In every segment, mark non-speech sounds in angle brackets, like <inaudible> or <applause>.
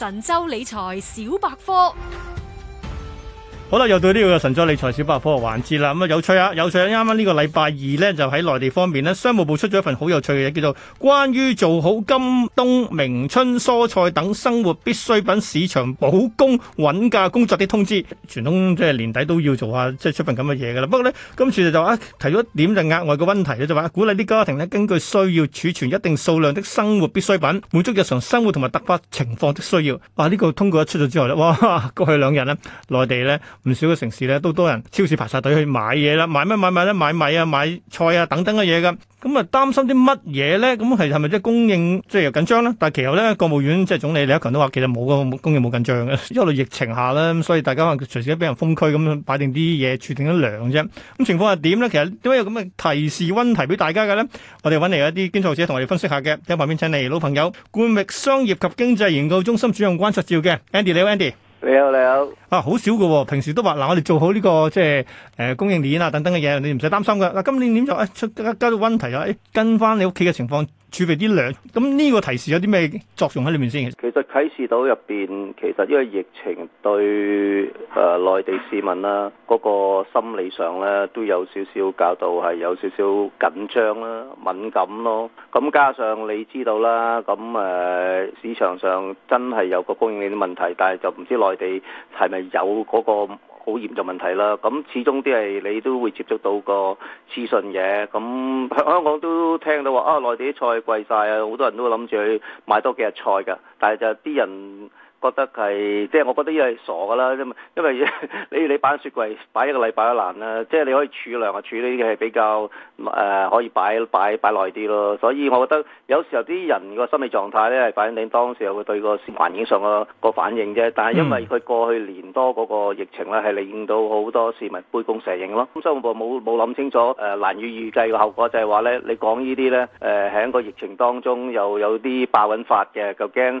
神州理財小百科。好啦，又到呢個神州理財小百科課環節啦。咁啊，有趣啊，有趣啊！啱啱呢個禮拜二呢，就喺內地方面呢，商務部出咗一份好有趣嘅嘢，叫做《關於做好今冬明春蔬菜等生活必需品市場保供穩價工作的通知》。傳統即係年底都要做下，即係出份咁嘅嘢噶啦。不過呢，今次就就提咗一點就額外嘅問題咧，就話鼓勵啲家庭咧，根據需要儲存一定數量的生活必需品，滿足日常生活同埋突發情況的需要。啊，呢個通告一出咗之後咧，哇，過去兩日呢，內地呢。唔少嘅城市咧都多人超市排晒隊去買嘢啦，買咩買買咧？買米啊，買菜啊，等等嘅嘢嘅。咁、嗯、啊擔心啲乜嘢咧？咁係係咪即係供應即係又緊張咧？但係其後咧，國務院即係總理李克強都話其實冇嘅，供應冇緊張嘅。一 <laughs> 路疫情下咧，所以大家話隨時俾人封區咁擺定啲嘢，儲定咗糧啫。咁情況係點咧？其實點解有咁嘅提示温提俾大家嘅咧？我哋揾嚟一啲經濟學者同我哋分析下嘅。喺旁邊請嚟老朋友冠域商業及經濟研究中心主任關實照嘅 Andy，你好 Andy。你好，你好。啊，好少噶喎，平時都話，嗱，我哋做好呢個即係誒供應鏈啊等等嘅嘢，你唔使擔心噶。嗱，啊，今年點做？誒，哎，出加到温提又誒，跟翻你屋企嘅情況儲備啲糧。咁呢個提示有啲咩作用喺裏面先？其實啟示到入邊，其實因為疫情對。誒內、呃、地市民啦，嗰、那個心理上咧都有少少搞到係有少少緊張啦、敏感咯。咁、嗯、加上你知道啦，咁、嗯、誒、呃、市場上真係有個供應鏈問題，但係就唔知內地係咪有嗰個好嚴重問題啦。咁、嗯、始終啲係你都會接觸到個資訊嘢。咁、嗯、香港都聽到話啊，內地啲菜貴晒，好多人都諗住去買多幾日菜㗎，但係就啲人，覺得係，即係我覺得呢係傻噶啦，因為因為 <laughs> 你你擺雪櫃擺一個禮拜都難啦、啊，即係你可以儲糧啊，儲理嘅係比較誒、呃、可以擺擺擺耐啲咯，所以我覺得有時候啲人個心理狀態咧，反映你當時又對個環境上個個反應啫，但係因為佢過去年多嗰個疫情咧，係令到好多市民杯弓蛇影咯，咁商務部冇冇諗清楚誒、呃、難以預計嘅後果就，就係話咧你講呢啲咧誒喺個疫情當中又有啲爆揾法嘅，究驚。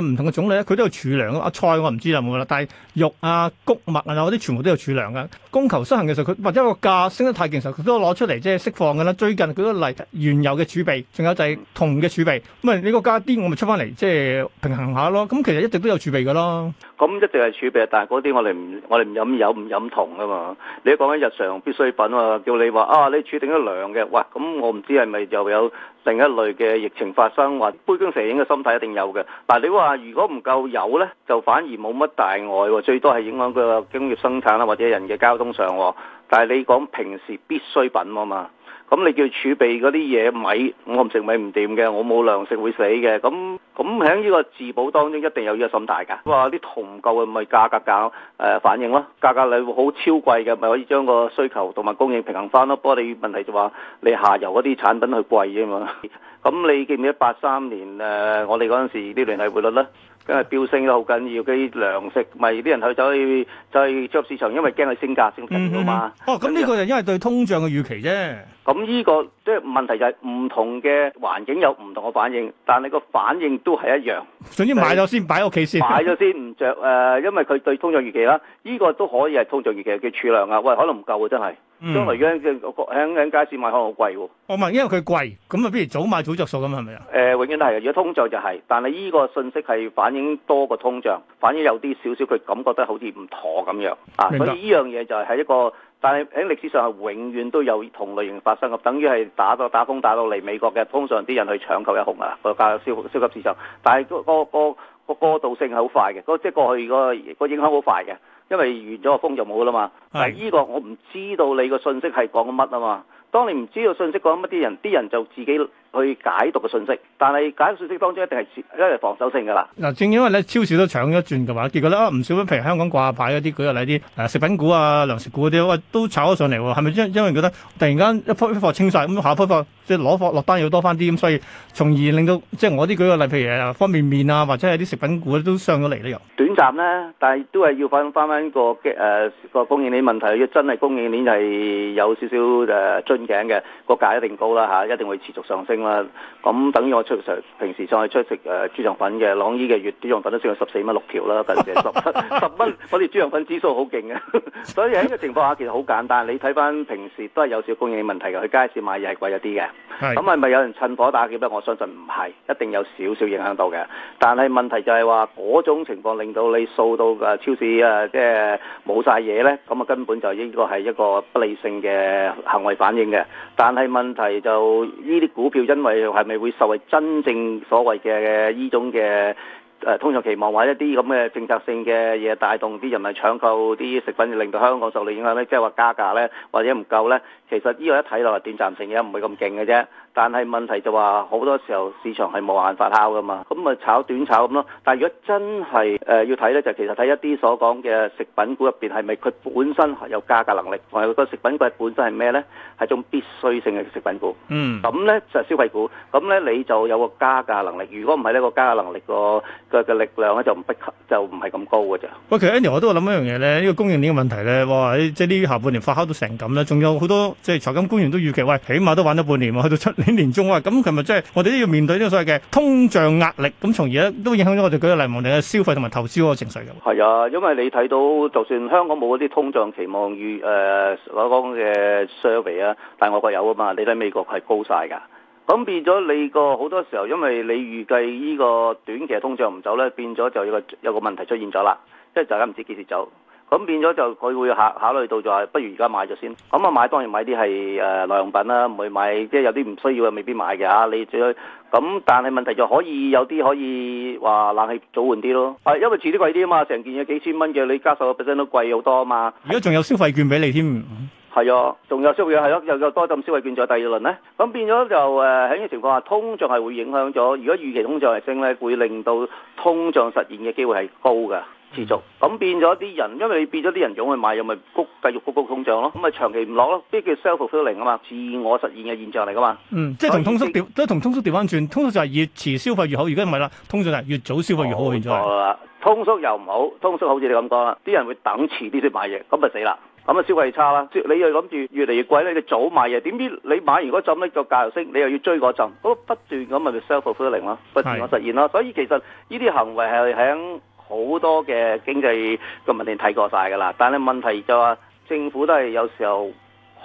唔同嘅種類咧，佢都有儲糧。阿菜我唔知啦，冇啦。但係肉啊、穀物啊嗰啲全部都有儲糧嘅。供求失衡嘅時候，佢或者個價升得太勁，時候佢都攞出嚟即係釋放噶啦。最近佢都嚟原油嘅儲備，仲有就係銅嘅儲備。咁啊，呢個價啲，我咪出翻嚟即係平衡下咯。咁其實一直都有儲備噶咯。咁一定係儲備，但係嗰啲我哋唔我哋唔飲油唔飲銅啊嘛！你講緊日常必需品喎，叫你話啊，你儲定啲糧嘅，喂咁、嗯、我唔知係咪又有另一類嘅疫情發生，或杯弓蛇影嘅心態一定有嘅。但係你話如果唔夠油呢，就反而冇乜大礙，最多係影響佢個工業生產啦，或者人嘅交通上。但係你講平時必需品啊嘛。咁你叫儲備嗰啲嘢米，我唔食米唔掂嘅，我冇糧食會死嘅。咁咁喺呢個自保當中一定有呢個心態㗎。話啲銅夠啊，咪價格搞誒、呃、反應咯，價格你會好超貴嘅，咪可以將個需求同埋供應平衡翻咯。不過你問題就話你下游嗰啲產品去貴啫嘛。咁你記唔記得八三年誒、呃、我哋嗰陣時啲聯繫匯率咧？咁啊，飆升啦，好緊要嗰啲糧食，咪啲人去走去走去作市場，因為驚佢升價升唔到嘛。哦，咁呢個就因為對通脹嘅預期啫。咁呢個即係問題就係唔同嘅環境有唔同嘅反應，但係個反應都係一樣。總之買咗先，擺屋企先。買咗先唔着，誒，因為佢對通脹預期啦。呢個都可以係通脹預期，嘅儲糧啊。喂，可能唔夠啊，真係。將、嗯、來嘅喺喺街市買可能好貴，我問，因為佢貴，咁啊，不如早買早着數咁係咪啊？誒、呃，永遠都係，如果通脹就係、是，但係呢個信息係反映多過通脹，反映有啲少少佢感覺得好似唔妥咁樣啊，所以呢樣嘢就係一個，但係喺歷史上係永遠都有同類型發生嘅，等於係打到打風打到嚟美國嘅，通常啲人去搶購一紅啊個價格，消超級市場，但係、那個、那個、那個那個那個過度性係好快嘅，即、就、係、是、過去、那個、那個影響好快嘅。.因為完咗個風就冇㗎啦嘛，但係呢個我唔知道你個信息係講緊乜啊嘛。當你唔知道信息講乜，啲人啲人就自己去解讀個信息，但係解讀信息當中一定係因為防守性㗎啦。嗱，正因為咧超市都搶咗轉嘅話，結果咧唔、啊、少份譬如香港掛牌嗰啲舉個例啲誒食品股啊、糧食股嗰、啊、啲，喂都炒咗上嚟喎。係咪因因為覺得突然間一批批貨清晒，咁，下批貨即係攞貨落單要多翻啲咁，所以從而令到即係我啲舉個例，譬如誒方便麵，麵啊，或者係啲食品股、啊、都上咗嚟呢。又短暫啦，但係都係要翻翻翻個嘅誒個供應鏈問題。要真係供應鏈係有少少誒進。頸嘅個價一定高啦嚇、啊，一定會持續上升啦。咁、啊、等於我出平時上去出食誒、啊、豬腸粉嘅，朗姨嘅月豬腸粉都升到十四蚊六條啦，近成十十蚊。我哋豬腸粉指數好勁嘅，所以喺呢個情況下其實好簡單。你睇翻平時都係有少供應問題嘅，去街市買嘢係貴一啲嘅。咁係咪有人趁火打劫咧？我相信唔係，一定有少少影響到嘅。但係問題就係話嗰種情況令到你掃到誒超市誒即係冇晒嘢咧，咁啊、就是、根本就應該係一個不理性嘅行為反應。但係問題就呢啲股票，因為係咪會受惠真正所謂嘅呢種嘅誒、呃，通常期望或者一啲咁嘅政策性嘅嘢帶動啲人嚟搶購啲食品，令到香港受累影響咧，即係話加價咧，或者唔夠咧，其實呢個一睇落係短暫性嘅，唔會咁勁嘅啫。但係問題就話、是、好多時候市場係冇辦法拋㗎嘛，咁咪炒短炒咁咯。但係如果真係誒、呃、要睇咧，就其實睇一啲所講嘅食品股入邊係咪佢本身有加價能力，同埋個食品股本身係咩咧？係種必須性嘅食品股。嗯，咁咧就係、消費股，咁咧你就有個加價能力。如果唔係呢個加價能力個嘅嘅力量咧就唔不就唔係咁高㗎啫。喂，其實 Andy 我都係諗一樣嘢咧，呢、呢個供應鏈嘅問題咧，哇！即係呢下半年發酵到成咁啦，仲有好多即係財金官員都預期喂，起碼都玩咗半年，去到出年中啊，咁佢咪即係我哋都要面對呢個所謂嘅通脹壓力，咁從而咧都影響咗我哋舉個例，我哋嘅消費同埋投資嗰個情緒嘅。係啊，因為你睇到就算香港冇嗰啲通脹期望與誒、呃、所講嘅 survey 啊，但係外國有啊嘛。你睇美國係高晒㗎，咁變咗你個好多時候，因為你預計呢個短期嘅通脹唔走咧，變咗就有個有個問題出現咗啦，即係大家唔知幾時走。咁變咗就佢會考考慮到就係不如而家買咗先。咁、嗯、啊買當然買啲係誒耐用品啦，唔會買即係有啲唔需要嘅未必買嘅嚇。你最咁、嗯，但係問題就可以有啲可以話冷氣早換啲咯。啊，因為遲啲貴啲啊嘛，成件嘢幾千蚊嘅，你加十個 percent 都貴好多啊嘛。而家仲有消費券俾你添。係啊，仲有消費券係咯，又又、啊、多咁消費券再第二輪咧。咁變咗就誒喺呢個情況下，通脹係會影響咗。如果預期通脹係升咧，會令到通脹實現嘅機會係高㗎。持續咁變咗啲人，因為你變咗啲人湧去買，又咪谷繼續谷谷通脹咯，咁咪長期唔落咯，呢叫 self fulfilling 啊嘛，自我實現嘅現象嚟噶嘛。嗯，即係同通縮調，即係同通縮調翻轉，通縮就係越遲消費越好，而家唔係啦，通脹就係越早消費越好。唔在、哦、通縮又唔好，通縮好似你咁講啦，啲人會等遲啲先買嘢，咁咪死啦，咁啊消費差啦。你又諗住越嚟越貴咧，你早買嘢，點知你買完嗰浸咧個價又升，你又要追嗰陣，咁、那個、不斷咁咪叫 self fulfilling 咯，illing，不斷我實現咯。是所以其實呢啲行為係喺好多嘅經濟嘅問題睇過晒噶啦，但係問題就話、是、政府都係有時候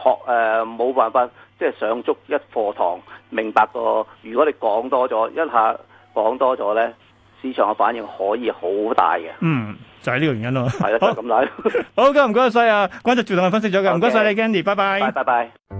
學誒冇、呃、辦法，即係上足一課,課堂明白個。如果你講多咗，一下講多咗咧，市場嘅反應可以好大嘅。嗯，就係、是、呢個原因咯。係啦， <laughs> 就咁嚟。好，嘅，唔該晒啊！今日同我分析咗嘅，唔該晒你，Gandy，拜拜。拜拜拜。